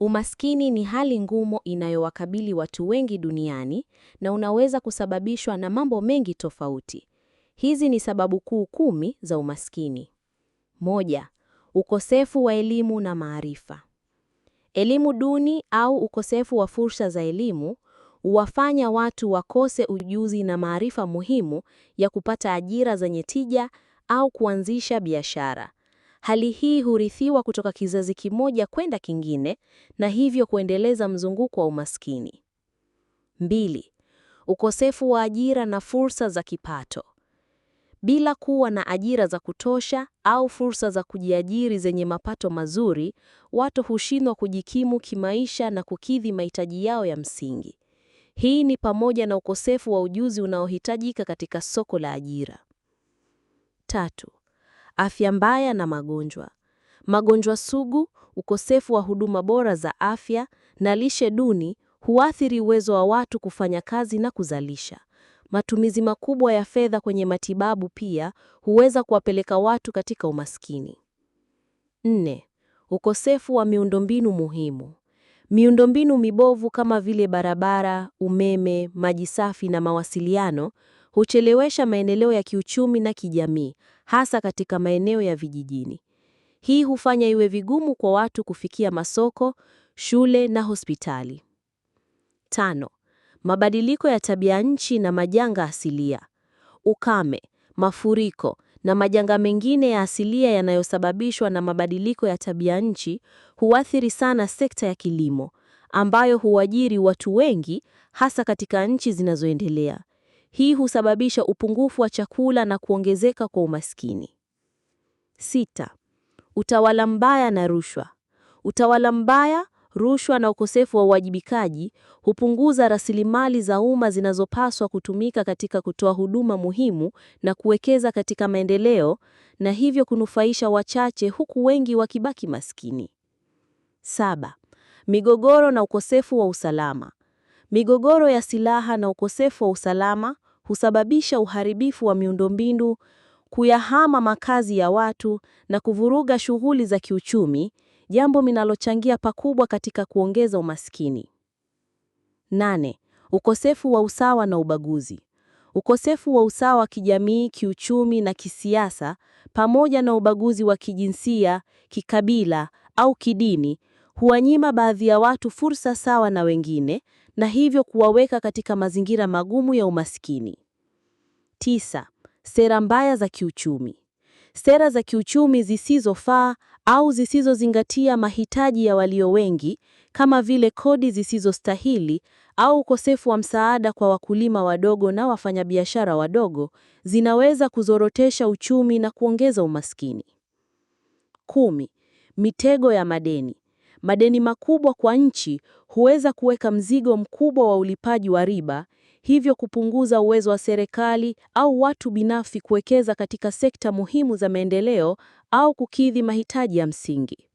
Umaskini ni hali ngumu inayowakabili watu wengi duniani na unaweza kusababishwa na mambo mengi tofauti. Hizi ni sababu kuu kumi za umaskini. Moja, ukosefu wa elimu na maarifa. Elimu duni au ukosefu wa fursa za elimu huwafanya watu wakose ujuzi na maarifa muhimu ya kupata ajira zenye tija au kuanzisha biashara. Hali hii hurithiwa kutoka kizazi kimoja kwenda kingine na hivyo kuendeleza mzunguko wa umaskini. Mbili, ukosefu wa ajira na fursa za kipato. Bila kuwa na ajira za kutosha au fursa za kujiajiri zenye mapato mazuri, watu hushindwa kujikimu kimaisha na kukidhi mahitaji yao ya msingi. Hii ni pamoja na ukosefu wa ujuzi unaohitajika katika soko la ajira. Tatu, afya mbaya na magonjwa, magonjwa sugu, ukosefu wa huduma bora za afya na lishe duni huathiri uwezo wa watu kufanya kazi na kuzalisha. Matumizi makubwa ya fedha kwenye matibabu pia huweza kuwapeleka watu katika umaskini. Nne, ukosefu wa miundombinu muhimu. Miundombinu mibovu kama vile barabara, umeme, maji safi na mawasiliano huchelewesha maendeleo ya kiuchumi na kijamii, hasa katika maeneo ya vijijini. Hii hufanya iwe vigumu kwa watu kufikia masoko, shule na hospitali. Tano, mabadiliko ya tabia nchi na majanga asilia. Ukame, mafuriko na majanga mengine ya asilia yanayosababishwa na mabadiliko ya tabia nchi huathiri sana sekta ya kilimo ambayo huajiri watu wengi hasa katika nchi zinazoendelea. Hii husababisha upungufu wa chakula na kuongezeka kwa umaskini. Sita, utawala mbaya na rushwa. Utawala mbaya, rushwa na ukosefu wa uwajibikaji hupunguza rasilimali za umma zinazopaswa kutumika katika kutoa huduma muhimu na kuwekeza katika maendeleo na hivyo kunufaisha wachache huku wengi wakibaki maskini. Saba, migogoro na ukosefu wa usalama. Migogoro ya silaha na ukosefu wa usalama husababisha uharibifu wa miundombinu, kuyahama makazi ya watu na kuvuruga shughuli za kiuchumi, jambo linalochangia pakubwa katika kuongeza umaskini. Nane, ukosefu wa usawa na ubaguzi. Ukosefu wa usawa wa kijamii, kiuchumi na kisiasa pamoja na ubaguzi wa kijinsia, kikabila au kidini huwanyima baadhi ya watu fursa sawa na wengine na hivyo kuwaweka katika mazingira magumu ya umaskini. Tisa, sera mbaya za kiuchumi. Sera za kiuchumi zisizofaa au zisizozingatia mahitaji ya walio wengi kama vile kodi zisizostahili au ukosefu wa msaada kwa wakulima wadogo na wafanyabiashara wadogo zinaweza kuzorotesha uchumi na kuongeza umaskini. Kumi, mitego ya madeni madeni makubwa kwa nchi huweza kuweka mzigo mkubwa wa ulipaji wa riba, hivyo kupunguza uwezo wa serikali au watu binafsi kuwekeza katika sekta muhimu za maendeleo au kukidhi mahitaji ya msingi.